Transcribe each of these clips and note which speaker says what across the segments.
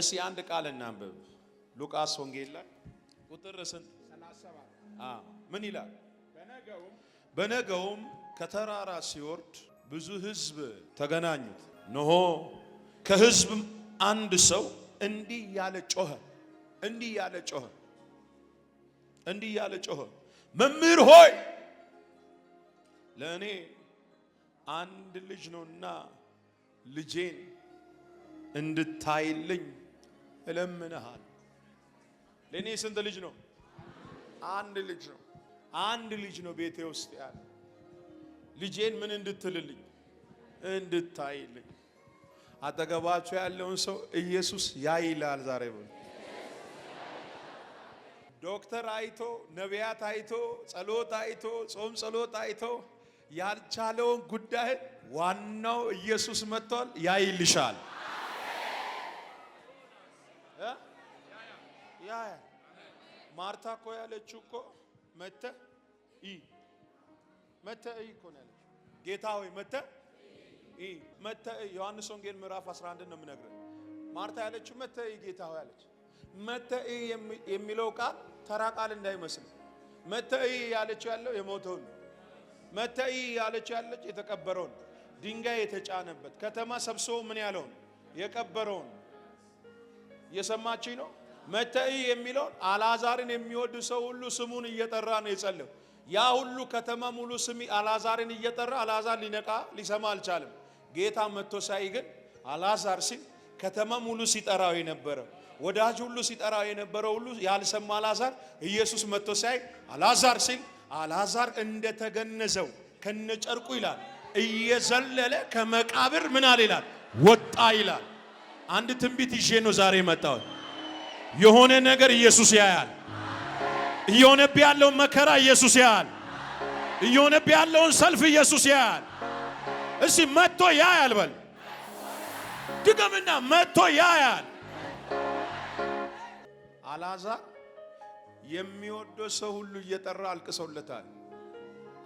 Speaker 1: እሺ አንድ ቃል እናንብብ። ሉቃስ ወንጌል ላይ ቁጥር ስንት? ምን ይላል? በነገውም ከተራራ ሲወርድ ብዙ ሕዝብ ተገናኙት። እነሆ ከሕዝብም አንድ ሰው እንዲህ ያለ ጮኸ፣ እንዲህ ያለ ጮኸ፣ እንዲህ ያለ ጮኸ፣ መምህር ሆይ ለእኔ አንድ ልጅ ነውና ልጄን እንድታይልኝ እለምንሃል። ለእኔ ስንት ልጅ ነው? አንድ ልጅ ነው። አንድ ልጅ ነው ቤቴ ውስጥ ያለ። ልጄን ምን እንድትልልኝ እንድታይልኝ። አጠገባቸው ያለውን ሰው ኢየሱስ ያይላል ዛሬ ብሎ ዶክተር አይቶ ነቢያት አይቶ ጸሎት አይቶ ጾም ጸሎት አይቶ ያልቻለውን ጉዳይ ዋናው ኢየሱስ መጥቷል፣ ያይልሻል። ያ ማርታ እኮ ያለችው እኮ መተ ኢ መተ ኢ እኮ ነው ያለችው። ጌታ ሆይ መተ መተ ዮሐንስ ወንጌል ምዕራፍ 11 ነው የምነግርህ። ማርታ ያለችው መተ ኢ ጌታ ሆይ አለች። መተ ኢ የሚለው ቃል ተራ ቃል እንዳይመስል። መተ ኢ ያለችው ያለው የሞተውን መተ ኢ ያለችው ያለች የተቀበረውን ድንጋይ የተጫነበት ከተማ ሰብስቦ ምን ያለውን የቀበረውን እየሰማችኝ ነው መተይ የሚለውን አላዛርን የሚወድ ሰው ሁሉ ስሙን እየጠራ ነው የጸለው። ያ ሁሉ ከተማ ሙሉ ስሚ አላዛርን እየጠራ አላዛር ሊነቃ ሊሰማ አልቻለም። ጌታ መጥቶ ሳይ ግን አላዛር ሲል ከተማ ሙሉ ሲጠራው የነበረው ወዳጅ ሁሉ ሲጠራው የነበረው ሁሉ ያልሰማ አላዛር ኢየሱስ መጥቶ ሳይ አላዛር ሲል አልዓዛር እንደተገነዘው ከነጨርቁ ይላል እየዘለለ ከመቃብር ምን ይላል ወጣ ይላል። አንድ ትንቢት ይዤ ነው ዛሬ መጣሁት። የሆነ ነገር ኢየሱስ ያያል። እየሆነብህ ያለውን መከራ ኢየሱስ ያያል። እየሆነብህ ያለውን ሰልፍ ኢየሱስ ያያል። እሺ መጥቶ ያያል። በል ድገምና መጥቶ ያያል። አልዓዛር የሚወደው ሰው ሁሉ እየጠራ አልቅሰውለታል።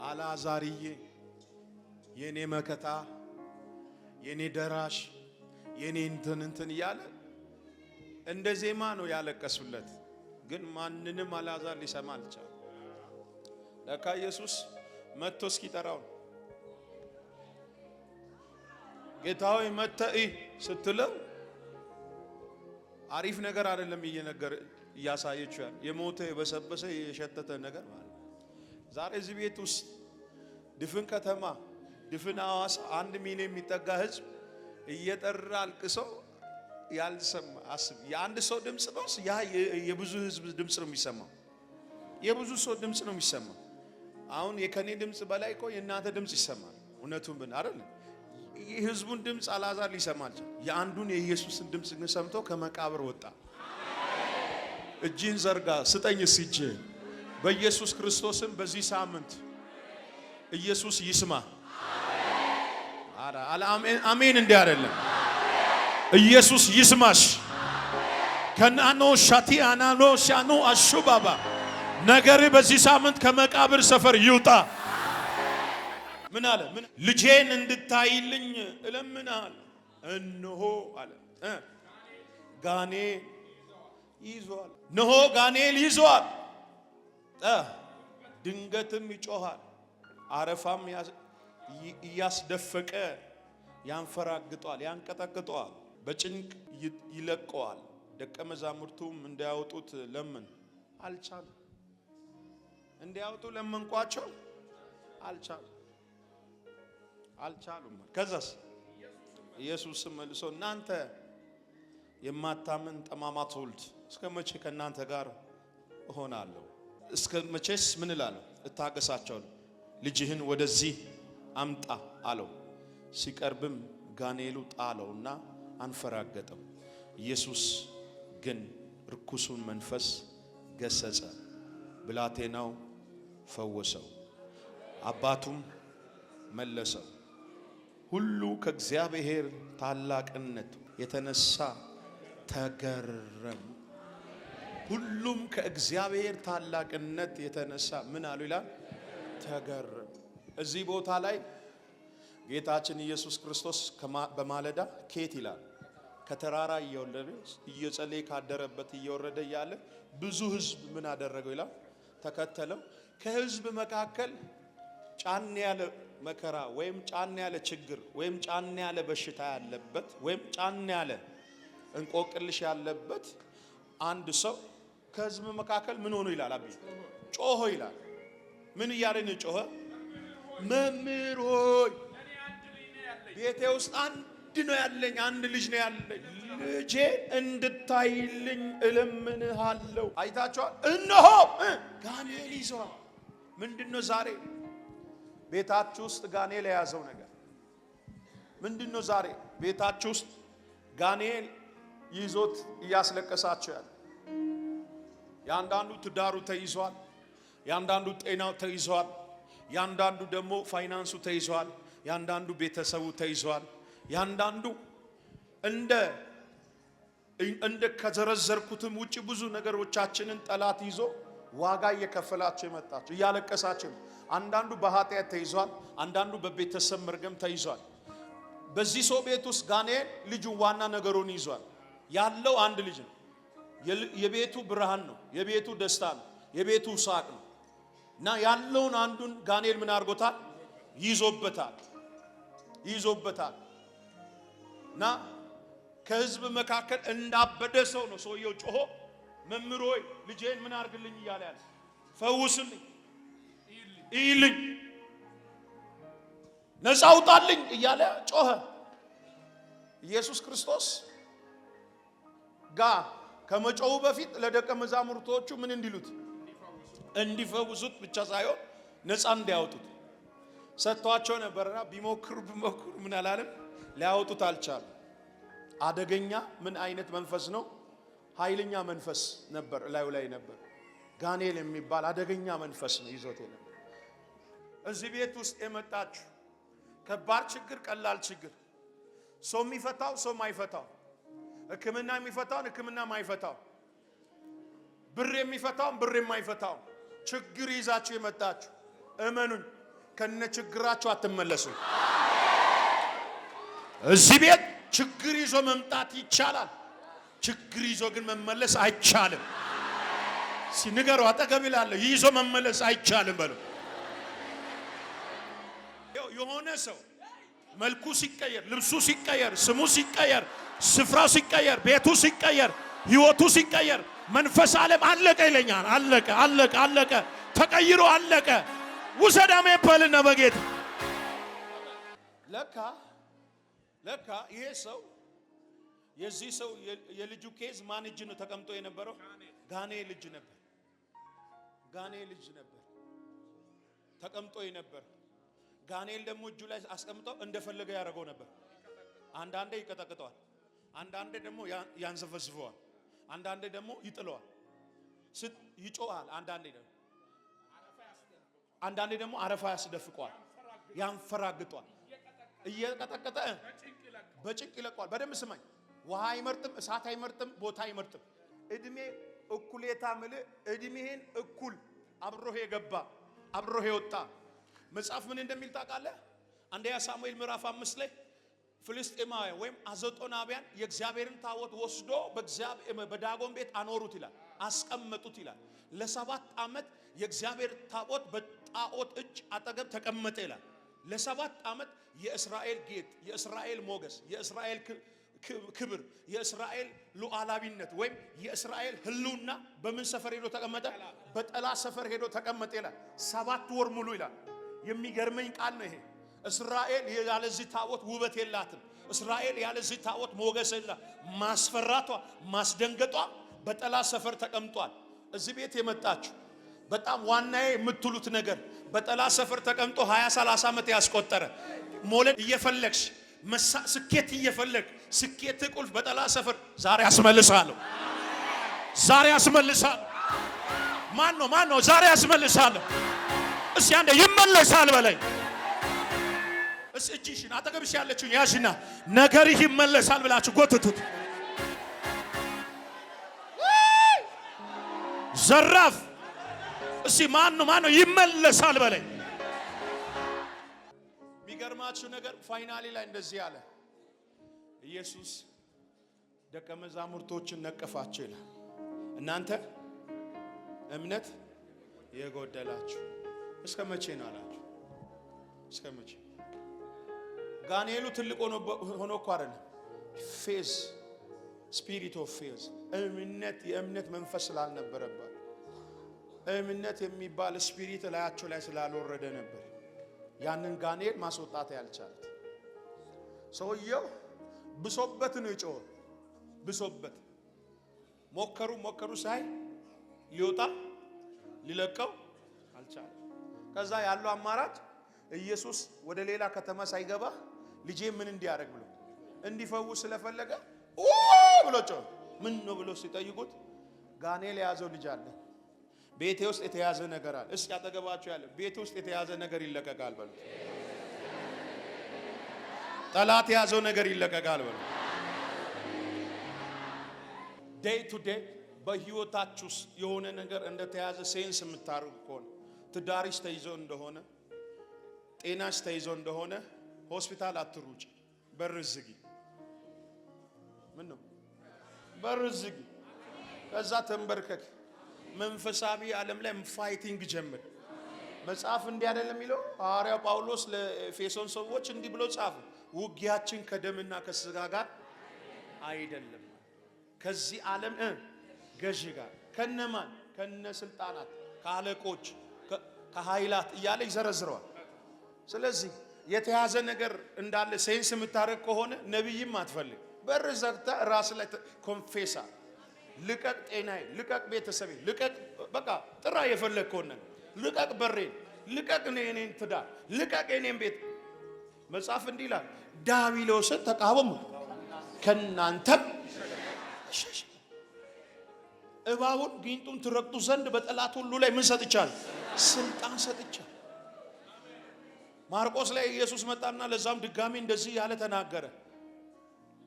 Speaker 1: አልዓዛርዬ የኔ መከታ፣ የኔ ደራሽ፣ የኔ እንትን እንትን እያለ እንደ ዜማ ነው ያለቀሱለት፣ ግን ማንንም አላዛ ሊሰማ አልቻለ። ለካ ኢየሱስ መጥቶ እስኪጠራው ጌታዊ መተኢ ስትለው አሪፍ ነገር አይደለም እየነገር እያሳየችው ያለ የሞተ የበሰበሰ የሸተተ ነገር ማለት ዛሬ እዚህ ቤት ውስጥ ድፍን ከተማ ድፍን አዋስ አንድ ሚሊዮን የሚጠጋ ህዝብ እየጠራ አልቅሰው ያልሰማ አስብ። የአንድ ሰው ድምፅ ነው፣ ያ የብዙ ህዝብ ድምፅ ነው የሚሰማው። የብዙ ሰው ድምፅ ነው የሚሰማው። አሁን የከኔ ድምፅ በላይ እኮ የእናንተ ድምፅ ይሰማል። እውነቱን ብን አይደል? የህዝቡን ድምፅ አልዓዛር ሊሰማ አልቻለም። የአንዱን የኢየሱስን ድምፅ ግን ሰምቶ ከመቃብር ወጣ። እጅን ዘርጋ ስጠኝ ሲጄ በኢየሱስ ክርስቶስም በዚህ ሳምንት ኢየሱስ ይስማ። አሜን። እንዲህ አይደለም ኢየሱስ ይስማሽ። ከናኖ ሻቲያናኖ ሻኖ አሹባባ ነገር በዚህ ሳምንት ከመቃብር ሰፈር ይውጣ። ምን አለ? ልጄን እንድታይልኝ እለምናል። እነሆ አለ ጋኔል ይዟል። እነሆ ጋኔል ይዟል። ድንገትም ይጮሃል፣ አረፋም እያስደፈቀ ያንፈራግጧል፣ ያንቀጠቅጧል። በጭንቅ ይለቀዋል። ደቀ መዛሙርቱም እንዲያወጡት ለምን አልቻሉ? እንዲያወጡ ለመንኳቸው አልቻሉ አልቻሉም። ከዛስ ኢየሱስም መልሶ እናንተ የማታምን ጠማማ ትውልድ እስከ መቼ ከእናንተ ጋር እሆናለሁ? እስከ መቼስ ምን እላለሁ? እታገሳቸው? ልጅህን ወደዚህ አምጣ አለው። ሲቀርብም ጋኔሉ ጣለውና አንፈራገጠም። ኢየሱስ ግን ርኩሱን መንፈስ ገሰጸ፣ ብላቴናው ፈወሰው፣ አባቱም መለሰው። ሁሉ ከእግዚአብሔር ታላቅነት የተነሳ ተገረሙ። ሁሉም ከእግዚአብሔር ታላቅነት የተነሳ ምን አሉ ይላል? ተገረሙ። እዚህ ቦታ ላይ ጌታችን ኢየሱስ ክርስቶስ በማለዳ ኬት ይላል ከተራራ እየወለደ እየጸለየ ካደረበት እየወረደ እያለ ብዙ ህዝብ ምን አደረገው ይላል ተከተለው። ከህዝብ መካከል ጫን ያለ መከራ ወይም ጫን ያለ ችግር ወይም ጫን ያለ በሽታ ያለበት ወይም ጫን ያለ እንቆቅልሽ ያለበት አንድ ሰው ከህዝብ መካከል ምን ሆኖ ይላል አብይ ጮሆ ይላል። ምን እያለ ጮኸ? መምህር ሆይ ቤቴ ውስጥ አንድ ነው ያለኝ፣ አንድ ልጅ ነው ያለኝ። ልጄ እንድታይልኝ እለምንሃለሁ። አይታችኋል። እነሆ ጋኔል ይዘዋል። ምንድን ነው ዛሬ ቤታችሁ ውስጥ ጋኔል የያዘው ነገር ምንድን ነው? ዛሬ ቤታችሁ ውስጥ ጋኔል ይዞት እያስለቀሳችሁ ያለ የአንዳንዱ ትዳሩ ተይዟል። የአንዳንዱ ጤናው ተይዟል። የአንዳንዱ ደግሞ ፋይናንሱ ተይዟል። ያንዳንዱ ቤተሰቡ ተይዟል። ያንዳንዱ እንደ እንደ ከዘረዘርኩትም ውጭ ብዙ ነገሮቻችንን ጠላት ይዞ ዋጋ እየከፈላችሁ የመጣችሁ እያለቀሳችሁ ነው። አንዳንዱ በኃጢአት ተይዟል። አንዳንዱ በቤተሰብ መርገም ተይዟል። በዚህ ሰው ቤት ውስጥ ጋኔን ልጁን ዋና ነገሩን ይዟል። ያለው አንድ ልጅ ነው። የቤቱ ብርሃን ነው። የቤቱ ደስታ ነው። የቤቱ ሳቅ ነው እና ያለውን አንዱን ጋኔል ምን አድርጎታል? ይዞበታል። ይዞበታል እና ከህዝብ መካከል እንዳበደ ሰው ነው ሰውየው ጮሆ መምህር ሆይ ልጄን ምን አድርግልኝ እያለ ያለ ፈውስልኝ፣ እይልኝ፣ ነፃ አውጣልኝ እያለ ጮኸ። ኢየሱስ ክርስቶስ ጋ ከመጮሁ በፊት ለደቀ መዛሙርቶቹ ምን እንዲሉት እንዲፈውሱት ብቻ ሳይሆን ነፃ እንዲያወጡት ሰጥቷቸው ነበርና ቢሞክሩ ቢሞክሩ ምን አላለም፣ ሊያወጡት አልቻሉ። አደገኛ ምን አይነት መንፈስ ነው? ኃይለኛ መንፈስ ነበር፣ እላዩ ላይ ነበር። ጋኔል የሚባል አደገኛ መንፈስ ነው ይዞት ነበር። እዚህ ቤት ውስጥ የመጣችሁ ከባድ ችግር፣ ቀላል ችግር፣ ሰው የሚፈታው ሰው ማይፈታው፣ ሕክምና የሚፈታውን ሕክምና ማይፈታው፣ ብር የሚፈታውን ብር የማይፈታው ችግር ይዛችሁ የመጣችሁ እመኑኝ ከነ ችግራችሁ አትመለሱም። እዚህ ቤት ችግር ይዞ መምጣት ይቻላል። ችግር ይዞ ግን መመለስ አይቻልም። ሲንገሩ አጠገብ ይላለሁ ይዞ መመለስ አይቻልም በሉ። የሆነ ሰው መልኩ ሲቀየር፣ ልብሱ ሲቀየር፣ ስሙ ሲቀየር፣ ስፍራው ሲቀየር፣ ቤቱ ሲቀየር፣ ህይወቱ ሲቀየር መንፈስ ዓለም አለቀ ይለኛል። አለቀ አለቀ አለቀ ተቀይሮ አለቀ ውሰዳም ይባልና በጌታ ለካ ለካ ይሄ ሰው የዚህ ሰው የልጁ ኬዝ ማን እጅ ነው ተቀምጦ የነበረው? ጋኔ ልጅ ነበር። ጋኔ ልጅ ነበር ተቀምጦ ነበር። ጋኔል ደግሞ እጁ ላይ አስቀምጠው እንደፈለገ ያደረገው ነበር። አንዳንዴ ይቀጠቅጠዋል፣ አንዳንዴ ደግሞ ያንዘፈዝፈዋል፣ አንዳንዴ ደግሞ ይጥለዋል፣ ይጮሃል፣ አንዳንዴ ደግሞ አንዳንዴ ደግሞ አረፋ ያስደፍቀዋል፣ ያንፈራግጧል፣ እየቀጠቀጠ በጭንቅ ይለቀዋል። በደንብ ስማኝ። ውሃ አይመርጥም፣ እሳት አይመርጥም፣ ቦታ አይመርጥም። እድሜ እኩሌታ ምል እድሜህን እኩል አብሮህ የገባ አብሮህ የወጣ መጽሐፍ ምን እንደሚል ታውቃለህ? አንደኛ ሳሙኤል ምዕራፍ አምስት ላይ ፍልስጤማውያን ወይም አዘጦናውያን የእግዚአብሔርን ታቦት ወስዶ በዳጎን ቤት አኖሩት ይላል፣ አስቀመጡት ይላል። ለሰባት ዓመት የእግዚአብሔር ታቦት ጣዖት እጅ አጠገብ ተቀመጠ ይላል። ለሰባት ዓመት የእስራኤል ጌጥ፣ የእስራኤል ሞገስ፣ የእስራኤል ክብር፣ የእስራኤል ሉዓላዊነት ወይም የእስራኤል ህልውና በምን ሰፈር ሄዶ ተቀመጠ? በጠላ ሰፈር ሄዶ ተቀመጠ ይላል። ሰባት ወር ሙሉ ይላል። የሚገርመኝ ቃል ነው ይሄ። እስራኤል ያለዚህ ታቦት ውበት የላትም። እስራኤል ያለዚህ ታቦት ሞገስ የላት። ማስፈራቷ ማስደንገጧ በጠላ ሰፈር ተቀምጧል። እዚህ ቤት የመጣችሁ በጣም ዋናዬ የምትሉት ነገር በጠላት ሰፈር ተቀምጦ 20 30 ዓመት ያስቆጠረ ሞለድ እየፈለግሽ ስኬት እየፈለግ ስኬት ቁልፍ በጠላት ሰፈር ዛሬ አስመልሳለሁ፣ ዛሬ አስመልሳለሁ። ማን ነው ማን ነው? ዛሬ አስመልሳለሁ። እስ ያንደ ይመለሳል በላይ እስ እጅሽን አጠገብሽ ያለችውን ያዥና ነገር ይመለሳል ብላችሁ ጎትቱት። ዘራፍ እሺ ማን ነው ይመለሳል በለኝ። የሚገርማችሁ ነገር ፋይናሌ ላይ እንደዚህ አለ ኢየሱስ ደቀ መዛሙርቶችን ነቀፋቸው ይላል። እናንተ እምነት የጎደላችሁ እስከ መቼ ነው አላችሁ። እስከ መቼ ጋኔሉ ትልቅ ሆኖ እኮ አይደለም። ፌዝ ስፒሪት ኦፍ ፌዝ እምነት የእምነት መንፈስ ስላልነበረባት እምነት የሚባል ስፒሪት ላያቸው ላይ ስላልወረደ ነበር ያንን ጋኔል ማስወጣት ያልቻለት። ሰውየው ብሶበት ነው የጮኸው። ብሶበት ሞከሩ ሞከሩ ሳይ ሊወጣ ሊለቀው አልቻለ። ከዛ ያለው አማራጭ ኢየሱስ ወደ ሌላ ከተማ ሳይገባ ልጄ ምን እንዲያደርግ ብሎ እንዲፈውስ ስለፈለገ ብሎ ጮኸ። ምን ነው ብሎ ሲጠይቁት ጋኔል የያዘው ልጅ አለ ቤቴ ውስጥ የተያዘ ነገር አለ። እስኪ አጠገባችሁ ያለ ቤት ውስጥ የተያዘ ነገር ይለቀቃል በሉ። ጠላት የያዘው ነገር ይለቀቃል በሉ። ዴይ ቱ ዴይ በህይወታችሁ ውስጥ የሆነ ነገር እንደተያዘ ሴንስ የምታርጉ ከሆነ ትዳሪሽ ተይዞ እንደሆነ፣ ጤናሽ ተይዞ እንደሆነ ሆስፒታል አትሩጭ፣ በር ዝጊ። ምን ነው በር ዝጊ። ከዛ ተንበርከክ መንፈሳዊ ዓለም ላይ ፋይቲንግ ጀምር። መጽሐፍ እንዲህ አይደለም የሚለው ሐዋርያው ጳውሎስ ለኤፌሶን ሰዎች እንዲህ ብሎ ጻፈ፣ ውጊያችን ከደምና ከስጋ ጋር አይደለም፣ ከዚህ ዓለም ገዢ ጋር ከነማን ከነ ስልጣናት ከአለቆች ከኃይላት እያለ ይዘረዝረዋል። ስለዚህ የተያዘ ነገር እንዳለ ሴንስ የምታደርግ ከሆነ ነቢይም አትፈልግ። በር ዘግታ ራስ ላይ ኮንፌሳ ልቀቅ ጤናዬ፣ ልቀቅ ቤተሰቤ፣ ልቀቅ በቃ ጥራ የፈለግከውን ነገር ልቀቅ፣ በሬን ልቀቅ፣ የኔን ትዳር ልቀቅ፣ የኔን ቤት። መጽሐፍ እንዲህ ይላል፣ ዲያብሎስን ተቃወሙ ከእናንተም እባቡን ጊንጡን ትረግጡ ዘንድ በጠላት ሁሉ ላይ ምን ሰጥቻል? ስልጣን ሰጥቻል ማርቆስ ላይ ኢየሱስ መጣና ለዛም ድጋሚ እንደዚህ ያለ ተናገረ።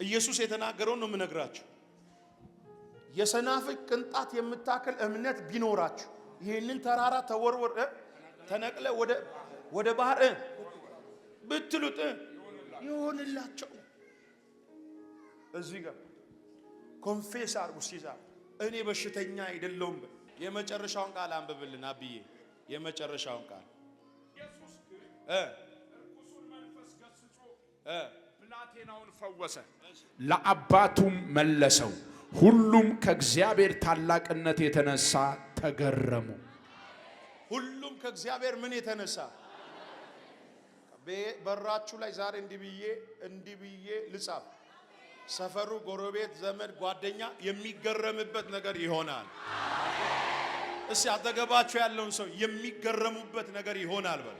Speaker 1: ኢየሱስ የተናገረውን ነው የምነግራችሁ። የሰናፍጭ ቅንጣት የምታክል እምነት ቢኖራችሁ ይህንን ተራራ ተወርወር ተነቅለ ወደ ባህር ብትሉጥ ይሆንላቸው። እዚህ ጋር ኮንፌስ አርጉ። ሲዛ እኔ በሽተኛ አይደለሁም። የመጨረሻውን ቃል አንብብልን አብዬ፣ የመጨረሻውን ቃል ብላቴናውን ፈወሰ፣ ለአባቱም መለሰው። ሁሉም ከእግዚአብሔር ታላቅነት የተነሳ ተገረሙ። ሁሉም ከእግዚአብሔር ምን የተነሳ በራችሁ ላይ ዛሬ እንዲህ ብዬ እንዲህ ብዬ ልጻፍ። ሰፈሩ፣ ጎረቤት፣ ዘመድ፣ ጓደኛ የሚገረምበት ነገር ይሆናል። እስ አጠገባችሁ ያለውን ሰው የሚገረሙበት ነገር ይሆናል በሉ።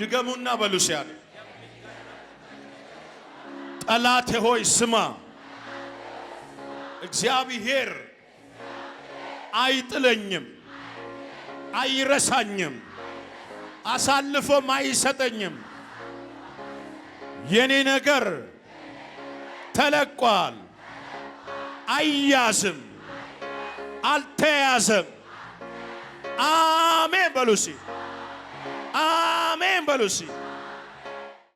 Speaker 1: ድገሙና በሉ ጠላቴ ሆይ ስማ፣ እግዚአብሔር አይጥለኝም፣ አይረሳኝም፣ አሳልፎም አይሰጠኝም። የኔ ነገር ተለቋል፣ አይያዝም፣ አልተያዘም። አሜን በሉሲ፣ አሜን በሉሲ